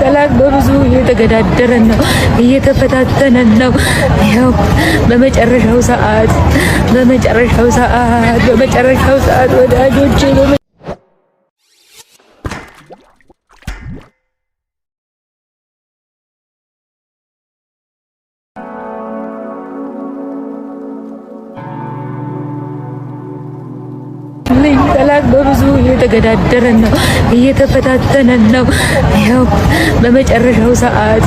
ጠላት በብዙ እየተገዳደረን ነው፣ እየተፈታተነን ነው። ያው በመጨረሻው ሰዓት በመጨረሻው ሰዓት በመጨረሻው ሰዓት ወዳጆቼ ጠላት በብዙ እየተገዳደረን ነው፣ እየተፈታተነን ነው። በመጨረሻው ሰዓት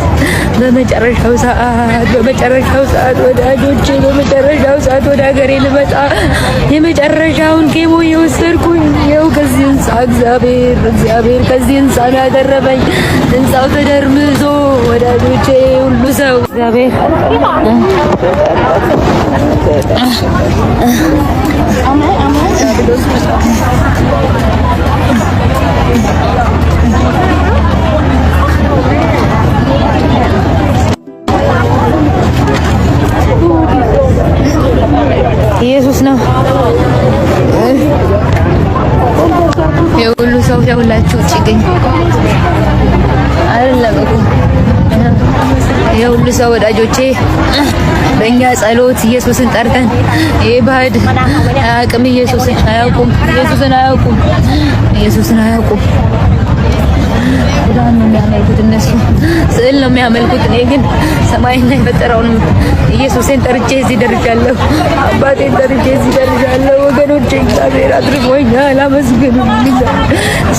በመጨረሻው ሰዓት በመጨረሻው ሰዓት ወዳጆቼ፣ በመጨረሻው ሰዓት ወደ ሀገሬ ልመጣ የመጨረሻውን ኬሞ የወሰድኩኝ ያው ከዚህ ህንፃ እግዚአብሔር እግዚአብሔር ከዚህ ህንፃ ነው ያደረበኝ። ህንፃው ተደርምዞ ወዳጆቼ ሁሉ ሰው እግዚአብሔር የሁሉ ሰው የሁላችሁ ውጭ ይገኝ አይደለም እኮ የሁሉ ሰው ወዳጆቼ፣ በእኛ ጸሎት ኢየሱስን ጠርተን ይሄ ባዕድ አያውቅም። ኢየሱስን አያውቁም። ኢየሱስን አያውቁም። ኢየሱስን አያውቁም። በጣም ነው የሚያመልኩት እነሱ ስዕል ነው የሚያመልኩት። እኔ ግን ሰማይና የፈጠረውን ኢየሱስን ጠርቼ እዚህ ደርጃለሁ። አባቴን ጠርቼ እዚህ ደርጃለሁ። ወገኖቼ እግዚአብሔር አድርጎኛል፣ አመስግኑልኝ፣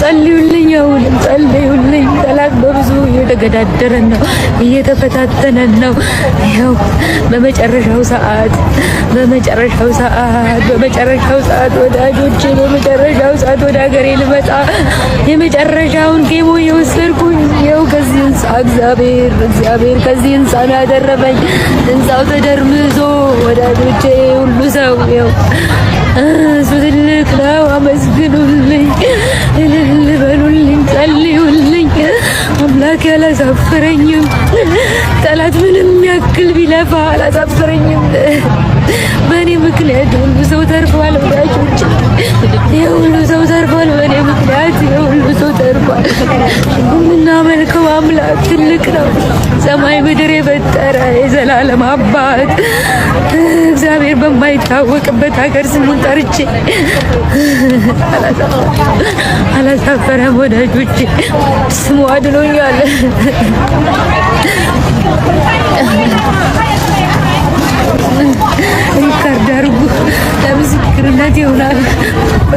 ጸልዩልኝ፣ አሁንም ጸልዩልኝ። ጠላት በብዙ እየተገዳደረን ነው፣ እየተፈታተነን ነው። ይኸው በመጨረሻው ሰዓት በመጨረሻው ሰዓት በመጨረሻው ሰዓት ወዳጆቼ፣ በመጨረሻው ሰዓት ወደ ሀገሬ ልመጣ የመጨረሻውን ጌሞ የወሰድኩኝ ይኸው ከዚህ ህንፃ እግዚአብሔር እግዚአብሔር ከዚህ ህንፃ ነው ያደረፈኝ። ህንፃው ተደርምዞ ወዳጆቼ ሁሉ ሰው ይኸው እሱ ትልቅ ነው። አመስግኑልኝ፣ እልል በሉልኝ፣ ጸልዩልኝ። አምላክ አላሳፍረኝም። ጠላት ምንም ያክል ቢለፋ አላሳፍረኝም። በእኔ ምክንያት ሁሉ ሰው ተርፏል። ወዳጆች ይኸው ሁሉ ሰው ነው ሰማይ ምድር የፈጠረ የዘላለም አባት እግዚአብሔር በማይታወቅበት ሀገር ስሙን ጠርቼ አላሳፈረም። ወዳጆቼ ስሙ አድኖኛል። ሪካርድ ለምስክርነት ይሆናል።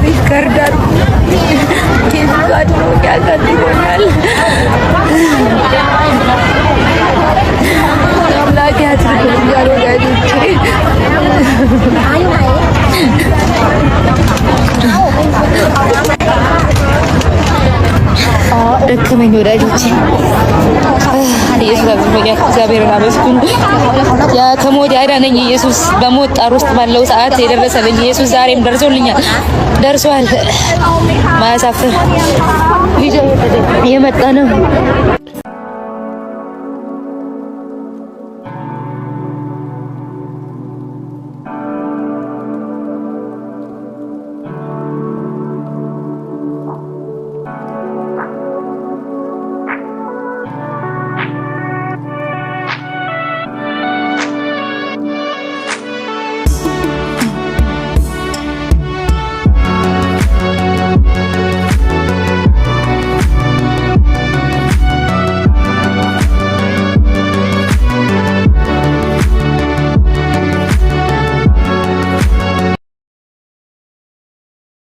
ሪካርድ አድርጉ ኬዙ አድኖኛል፣ ቀጥሎኛል ደከመኝ ወዳጆች፣ ኢየሱስ አዝመኛል። እግዚአብሔርን አመስግኑ። ከሞት ያዳነኝ ኢየሱስ በሞት ጣር ውስጥ ባለው ሰዓት የደረሰልኝ ኢየሱስ ዛሬም ደርሶልኛል፣ ደርሷል። ማያሳፍር የመጣ ነው።